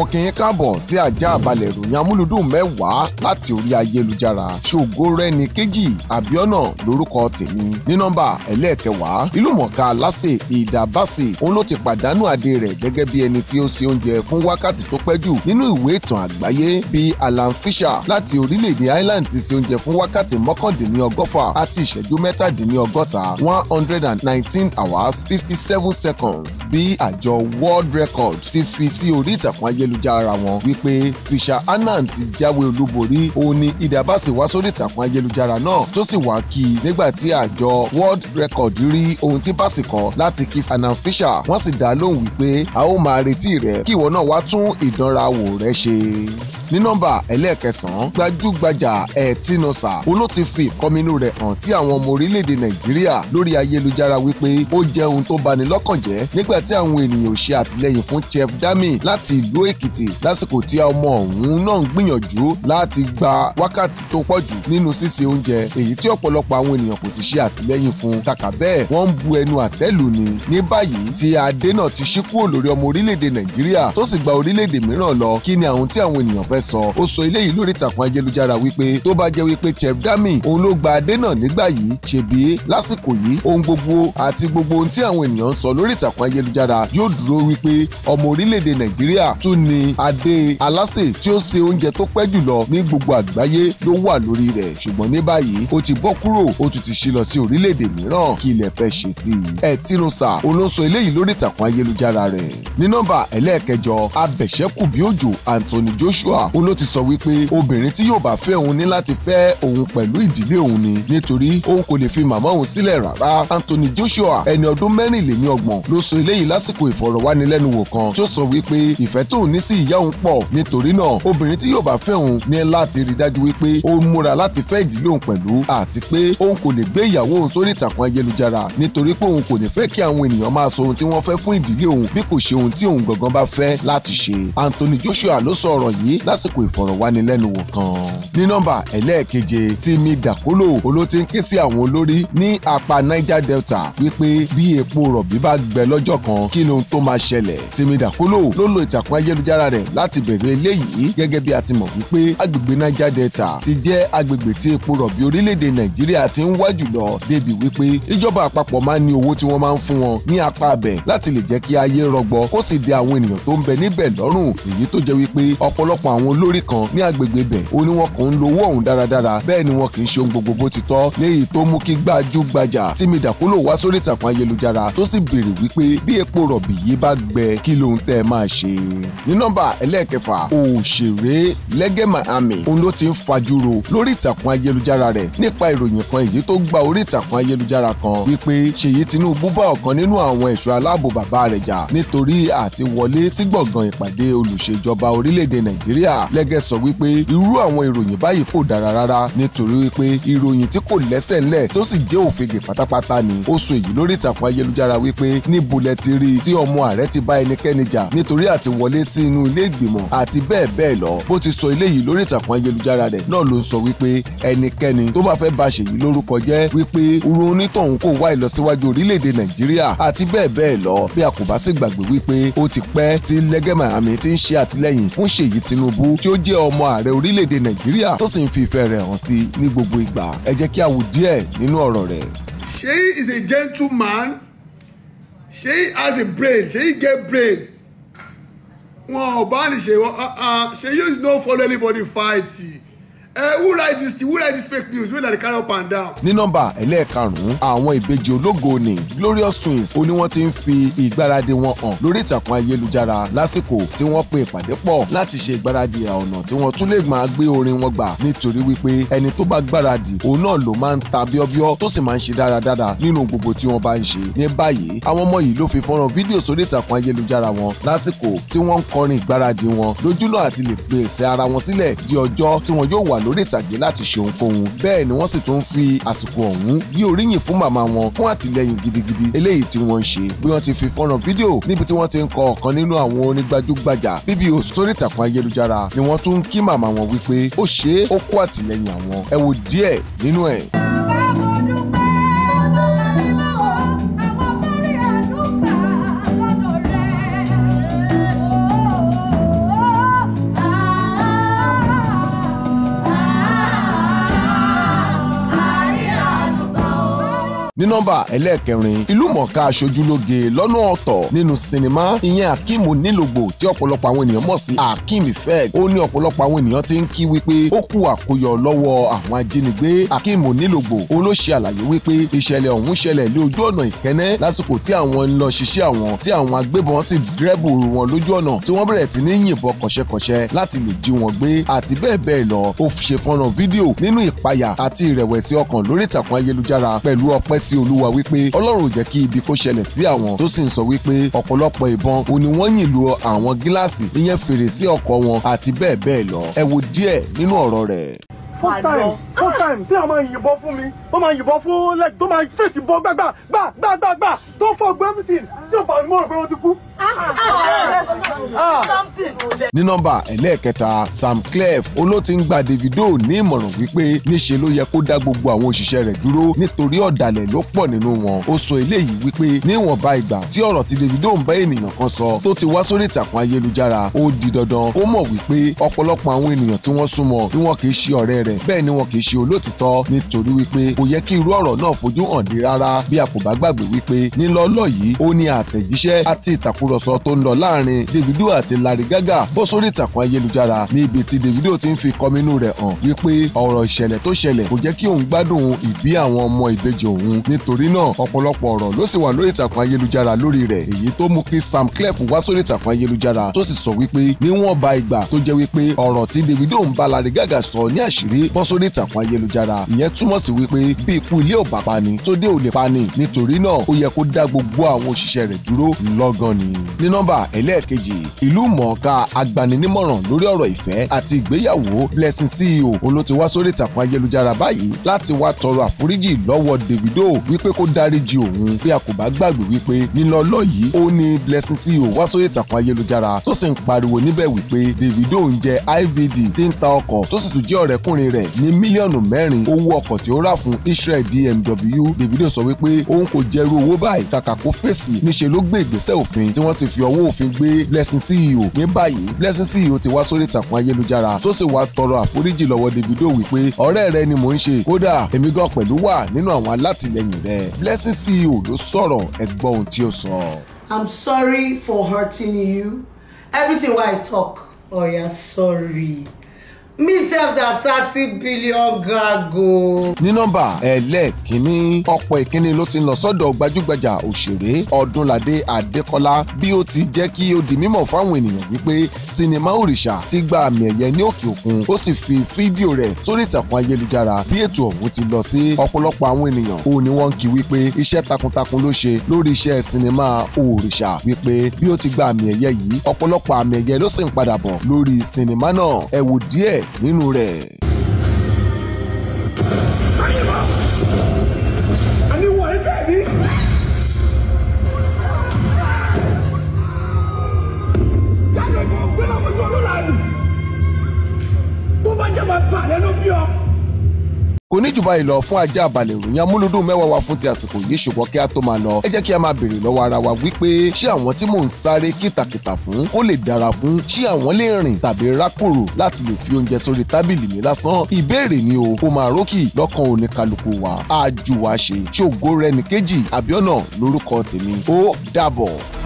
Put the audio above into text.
mo kí yín káàbọ̀ sí ajá àbálẹ̀ ìròyìn amúlùdùn mẹ́wàá láti orí ayélujára ṣògo rẹni kejì àbíọ́nà lórúkọ tèmi ní nọ́mbà ẹlẹ́ẹ̀kẹwàá ìlúmọ̀ọ́ká lásè ìdàbàsì òun ló ti pàdánù adé rẹ̀ gẹ́gẹ́ bí ẹni tí ó ṣe oúnjẹ fún wákàtí tó pẹ́ jù nínú ìwé ìtàn àgbáyé bí Alan Fisher láti orílẹ̀-èdè Ireland ti ṣe oúnjẹ fún wákàtí mọ́kàndínlọ́gọ́fà àti ìṣẹ́jú mẹ́tàdínlọ́gọ́ta one hundred and nineteen hours fifty seven seconds bí àjọ World Record ti fi sí orí ìtàkùn ayélujára ayélujára wọn wípé Fisher Annan ti jáwé olúborí òun ni Ida Bá sì wá sórí ìtàkùn ayélujára náà tó sì wá kí i nígbà tí àjọ World Record rí ohun tí Bá sì kọ láti kí Annan Fisher wọ́n sì dá lóhùn wípé a ó máa retí rẹ̀ kí ìwọ náà wá tún ìdánrawò rẹ̀ ṣe ní nọ́mbà ẹlẹ́ẹ̀kẹsàn-án gbajúgbajà ẹ̀tínọ́sà oló ti fi ìkọminú rẹ̀ hàn sí àwọn ọmọ orílẹ̀-èdè nàìjíríà lórí ayélujára wípé ó jẹ́ ohun tó bani lọ́kàn jẹ́ nígbà tí àwọn ènìyàn ò ṣe àtìlẹ́yìn fún chef dami láti ìlú èkìtì lásìkò tí ọmọ ọ̀hún náà ń gbìyànjú láti gba wákàtí tó pọ̀ jù nínú síse oúnjẹ èyí tí ọ̀pọ̀lọpọ̀ àwọn ènìyàn kò ti ṣe àtìlẹ́yìn fún kàkà bẹ́ẹ̀ wọ́n ń bu ẹnu àtẹ́lù ni ní báyìí tí adé náà ti ṣí kúrò lórí ọmọ orílẹ̀-èdè nàìjíríà tó sì gba orílẹ̀-èdè mìíràn mẹ́sàn-án ó sọ eléyìí lórí ìtàkùn ayélujára wípé tó bá jẹ́ wípé Chef Dami òun ló gba adé náà nígbà yìí ṣèbí lásìkò yìí ohun gbogbo àti gbogbo ohun tí àwọn ènìyàn ń sọ lórí ìtàkùn ayélujára yóò dúró wípé ọmọ orílẹ̀-èdè Nàìjíríà tún ni adé alásè tí ó ṣe oúnjẹ tó pẹ́ jùlọ ní gbogbo àgbáyé ló wà lórí rẹ̀ ṣùgbọ́n ní báyìí ó ti bọ́ kúrò ó tún ti ṣí lọ sí orílẹ̀-èdè mìíràn kí ilẹ̀ fẹ́ ṣe sí i. ẹ tínú sà olóńsọ eléyìí lórí ìtàkùn ayélujára rẹ̀ ní nọ́mbà ẹlẹ́ẹ̀kẹjọ abẹ̀ṣẹ́kù bí òjò Anthony Joshua ó ló ti sọ wípé obìnrin tí yóò bá fẹ́ òun ní láti fẹ́ òun pẹ̀lú ìdílé òun ni nítorí òun kò lè fi màmá òun sílẹ̀ rárá Anthony Joshua ẹni ọdún mẹ́rìnléní ọgbọ̀n ló sọ eléyìí lásìkò ìfọ̀rọ̀wánilẹ́nuwò kan tó sọ wípé ìfẹ́ tóun ní sí ìyá òun pọ̀ nítorí náà obìnrin tí yóò bá fẹ́ òun ní láti rí dájú wípé ó ń múra láti fẹ́ ìdílé òun pẹ̀lú àti pé òun kò lè gbé ìyàwó òun sórí ìtàkùn ayélujára nítorí pé òun kò ní fẹ́ kí àwọn ènìyàn máa sọ ohun tí wọ́n fẹ́ fún ìdílé òun bí kò ṣe ohun tí òun gangan bá fẹ́ láti ṣe Anthony Joshua ló sọ ọ̀rọ̀ yìí lás lásìkò ìfọ̀rọ̀wánilẹ́nuwò kan. ní nọ́mbà ẹlẹ́ẹ̀keje Timi Dakolo olóti ń ké sí àwọn olórí ní apá Niger Delta wípé bí epo rọ̀bì bá gbẹ lọ́jọ́ kan kí ni ohun tó máa ṣẹlẹ̀. Timi Dakolo ló lo ìtàkùn ayélujára rẹ̀ láti bẹ̀rẹ̀ eléyìí gẹ́gẹ́ bí a ti mọ̀ wípé agbègbè Niger Delta ti jẹ́ agbègbè tí epo rọ̀bì orílẹ̀-èdè Nàìjíríà ti ń wá jùlọ débi wípé ìjọba àpapọ̀ máa ń ní owó tí wọ́n máa ń fún wọn ní apá abẹ̀ láti lè jẹ́ kí ayé rọgbọ kó sì dé àwọn ènìyàn tó ń bẹ níbẹ̀ lọ́rùn èyí tó jẹ́ wípé ọ̀pọ̀lọpọ̀ àwọn àwọn olórí kan ní agbègbè bẹ̀ ó ní wọn kò ń lo owó ọ̀hún dáradára bẹ́ẹ̀ ni wọn kì í ṣe ohun gbogbo bó ti tọ́ léyìí tó mú kí gbajúgbajà Timi Dakolo wá sórí ìtàkùn ayélujára tó sì béèrè wípé bí epo rọ̀bì yìí bá gbẹ kí lóhun tẹ́ ẹ máa ṣe. ní nọ́mbà ẹlẹ́ẹ̀kẹfà òṣèré Lẹ́gẹ́ Miami òun ló ti ń fajúro lórí ìtàkùn ayélujára rẹ̀ nípa ìròyìn kan èyí tó gba orí ìtàkùn ayélujára kan wípé Ṣèyí Tinubu bá ọ̀kan nínú àwọn ẹ̀ṣọ́ aláàbò bàbá rẹ̀ jà nítorí àti sí gbọ̀ngàn ìpàdé olùṣèjọba orílẹ̀-èdè Nàìjíríà nàìjíríà lẹ́gẹ́ sọ wípé irú àwọn ìròyìn báyìí kò dára rárá nítorí wípé ìròyìn tí kò lẹ́sẹ̀ ńlẹ̀ tó sì jẹ́ òfegè pátápátá ni ó sọ èyí lórí ìtàkùn ayélujára wípé níbo lẹ ti rí tí ọmọ ààrẹ ti bá ẹnikẹ́ni jà nítorí àti wọlé sí inú ilé ìgbìmọ̀ àti bẹ́ẹ̀ bẹ́ẹ̀ lọ bó ti sọ eléyìí lórí ìtàkùn ayélujára rẹ̀ náà ló ń sọ wípé ẹnikẹ́ni tó bá fẹ́ ba ṣèyí lórúkọ jẹ́ wípé irú onítọ̀hún kò wá ìlọsíwájú orílẹ̀-èdè nàìjíríà àti bẹ́ẹ̀ bẹ́ẹ̀ lọ bí a kò bá sì gbàgbé wípé ó ti pẹ́ tí lẹ́gẹ́ Miami ti ń ṣe àtìlẹ́yìn fún ṣèyí Tinubu Tinubu tí ó jẹ́ ọmọ ààrẹ orílẹ̀-èdè Nàìjíríà tó sì ń fi ìfẹ́ rẹ̀ hàn sí ní gbogbo ìgbà ẹ jẹ́ kí a wo díẹ̀ nínú ọ̀rọ̀ rẹ̀. Sheyi is a gentleman Sheyi has a brain Sheyi get brain wọn ò bá ní Sheyi ah, ah, Sheyi no follow anybody fight. Eh, who write this who write this fake news wey dey carry up and down. ní nọ́mbà ẹlẹ́ẹ̀karùn-ún àwọn ìbejì ológo ni Glorious Twins ó ní wọ́n ti ń fi ìgbáradì wọn hàn lórí ìtàkùn ayélujára lásìkò tí wọ́n pe ìpàdé pọ̀ láti ṣe ìgbáradì ọ̀nà tí wọ́n tún lè máa gbé orin wọn gbà nítorí wípé ẹni tó bá gbáradì òun náà ló máa ń ta bíọ́bíọ́ tó sì máa ń ṣe dáradára nínú gbogbo tí wọ́n bá ń ṣe ní báyìí àwọn ọmọ yìí ló fi fọ́nrán fídíò sórí ìtàkùn ayélujára wọn lásìkò tí wọ́n ń kọrin ìgbáradì wọn lójúnà àti lè pèsè ara wọn sílẹ̀ di ọjọ́ tí wọn yóò wà ló lórí ìtàgé láti ṣe ohunkóhun bẹ́ẹ̀ ni wọ́n sì tún fi àsìkò ọ̀hún bí oríyìn fún màmá wọn fún àtìlẹ́yìn gidigidi eléyìí tí wọ́n ń ṣe bí wọ́n ti fi fọ́nrán fídíò níbi tí wọ́n ti ń kọ ọ̀kan nínú àwọn onígbàjúgbajà bíbí o sórí ìtàkùn ayélujára ni wọ́n tún ń kí màmá wọn wípé ó ṣe é ó kó àtìlẹ́yìn àwọn ẹ wo díẹ̀ nínú ẹ̀. ní nọ́mbà ẹlẹ́ẹ̀kẹrin ìlúmọ̀ọ́ká aṣojúlóge lọ́nà ọ̀tọ̀ nínú sinimá ìyẹn akeem onílògbò tí ọ̀pọ̀lọpọ̀ àwọn ènìyàn mọ̀ sí akeem feg ó ní ọ̀pọ̀lọpọ̀ àwọn ènìyàn ti ń kí wípé ó kú àkóyọ lọ́wọ́ àwọn ajínigbé akeem onílògbò òun ló ṣe àlàyé wípé ìṣẹ̀lẹ̀ ọ̀hún ṣẹlẹ̀ lé ojú ọ̀nà ìkẹ́nẹ́ lásìkò tí àwọn ń lọ ṣiṣẹ́ àwọn tí àwọn agbébọn sì gírẹ́bù wọn lójú ọ̀nà tí wọ́n bẹ̀rẹ̀ sí ní yìnbọn kọ̀ṣẹ́kọ̀ṣẹ́ láti lè jí wọn gbé àti sí olúwa wípé ọlọ́run ò jẹ́ kí ibi kó ṣẹlẹ̀ sí àwọn tó sì ń sọ wípé ọ̀pọ̀lọpọ̀ ìbọn ò wọ́n yìn lu àwọn gíláàsì ìyẹn fèrèsé ọkọ̀ wọn àti bẹ́ẹ̀ bẹ́ẹ̀ lọ ẹ wo díẹ̀ nínú ọ̀rọ̀ rẹ̀. first time first time tí a máa yìnbọn fún mi tó máa yìnbọn fún lẹ́jì tó máa fèsì bọ́ gbàgbà gbàgbàgbà tó fọ́ gbẹ́fìtì tí ò bá mi mọ̀ rò ní nọ́mbà ẹlẹ́ẹ̀kẹta Sam Clef olóòtí ń gba Davido ní ìmọ̀ràn wípé níṣe ló yẹ kó dá gbogbo àwọn òṣìṣẹ́ rẹ̀ dúró nítorí ọ̀dàlẹ̀ ló pọ̀ nínú wọn ó sọ eléyìí wípé níwọ̀nba ìgbà tí ọ̀rọ̀ tí Davido ń bá ènìyàn kan sọ tó ti wá sórí ìtàkùn ayélujára ó di dandan kó mọ̀ wípé ọ̀pọ̀lọpọ̀ àwọn ènìyàn tí wọ́n súnmọ́ ni wọn kì í ṣe ọ̀rẹ́ rẹ̀ bẹ́ẹ̀ ni wọn kì í ṣe olótìtọ́ nítorí wípé kò yẹ kí irú ọ̀rọ̀ náà fojú hàn dé rárá bí a kò bá gbàgbé wípé nílọ́lọ́ yìí ó ní àtẹ̀jíṣẹ́ àti ìtàkùrọ̀sọ tó ń lọ láàrin David Davido àti Larry Gaga bọ́ sórí ìtàkùn ayélujára ní ibi tí Davido ti ń fi kọminú rẹ̀ hàn wípé ọ̀rọ̀ ìṣẹ̀lẹ̀ tó ṣẹlẹ̀ kò jẹ́ kí òun gbádùn ìbí àwọn ọmọ ìbejì òun nítorí náà ọ̀pọ̀lọpọ̀ ọ̀rọ̀ ló sì wà lórí ìtàkùn ayélujára lórí rẹ̀ èyí tó mú kí Sam Clef wá sórí ìtàkùn ayélujára tó sì sọ wípé níwọ̀nba ìgbà tó jẹ́ wípé ọ̀rọ̀ tí Davido ń bá Larry Gaga sọ ní àṣírí bọ́ sórí ìtàkùn ayélujára ìyẹn túmọ̀ sí wípé bí ikú ilé ò bá pani tó dé ò lè pani nítorí náà ó yẹ kó dá gbogbo àwọn òṣìṣẹ́ rẹ̀ dúró lọ́gán ni. ní nọ́mbà ẹlẹ́ẹ̀kejì ìlú mọ̀ọ́ká agbaninímọ̀ràn lórí ọ̀rọ̀ ìfẹ́ àti ìgbéyàwó Blessing CEO òun ló ti wá sórí ìtàkùn ayélujára báyìí láti wá tọrọ àforíjì lọ́wọ́ Davido wípé kó dáríjì òun bí a kò bá gbàgbé wípé nílọ́lọ́ yìí ó ní Blessing CEO wá sórí ìtàkùn ayélujára tó sì ń pariwo níbẹ̀ wípé Davido ń jẹ IVD tí ń ta ọkọ̀ tó sì tún jẹ́ ọ̀rẹ́kùnrin rẹ̀ ní mílíọ̀nù mẹ́rin owó ọkọ̀ tí ó rà fún Israel DMW Davido sọ wípé òun kò jẹ́rú owó báyìí kàkà kó fèsì níṣe ló gbé ìgbésẹ̀ òfin tí wọ́n sì fi ọwọ́ òfin gbé Blessing Blessing ceo ní báyìí Blessing ceo ti wá sórí ìtàkùn ayélujára tó sì wá tọrọ àforíjì lọ́wọ́ Davido wípé ọ̀rẹ́ rẹ ni mò ń ṣe kódà èmi gan pẹ̀lú wà nínú àwọn alátìlẹyìn rẹ Blessing ceo ló sọ̀rọ̀ ẹ ohun tí ó sọ. I'm sorry for hurting you everything wey I talk oya oh, yeah, sorry myself that thirty billion gago. ní nọ́mbà ẹlẹ́ẹ̀kínní ọ̀pọ̀ ìkíni ló ti lọ sọ́dọ̀ gbajúgbajà òṣèré ọdúnládé adékọ́lá bí ó ti jẹ́ kí ó di mímọ̀ fáwọn ènìyàn wípé sinimá òrìṣà ti gba àmì ẹ̀yẹ ní òkè òkun ó sì fi fídíò rẹ̀ sórí ìtàkùn ayélujára bí ètò ọ̀hún ti lọ sí ọ̀pọ̀lọpọ̀ àwọn ènìyàn ó ní wọ́n ń kí wípé iṣẹ́ takuntakun ló ṣe lórí iṣẹ́ sinimá òrìṣà wípé bí ó ti gba àmì ẹ̀yẹ yìí ọ̀pọ̀lọpọ̀ àmì ẹ̀yẹ ló sì ń padà bọ̀ lórí sinimá náà ẹ díẹ̀ nínú rẹ̀. Bó bá jẹ́ máa bà lẹ́nu bí kò ní jù báyìí lọ fún ajá balẹ̀ ìròyìn amúlùdùn mẹ́wàá wa fún ti àsìkò yìí ṣùgbọ́n kí a tó máa lọ ẹ jẹ́ kí a máa béèrè lọ́wọ́ ara wa wípé ṣé àwọn tí mò ń sáré kìtàkìtà fún kó lè dára fún ṣé àwọn lè rìn tàbí rákòrò láti lè fi oúnjẹ sórí tábìlì mi lásán ìbéèrè ni o kó máa rókì lọ́kàn òní kálukú wa àjùwàṣe ṣògo rẹ̀ nìkejì àbíọ́nà lórúkọ tèmi ó dàbọ̀.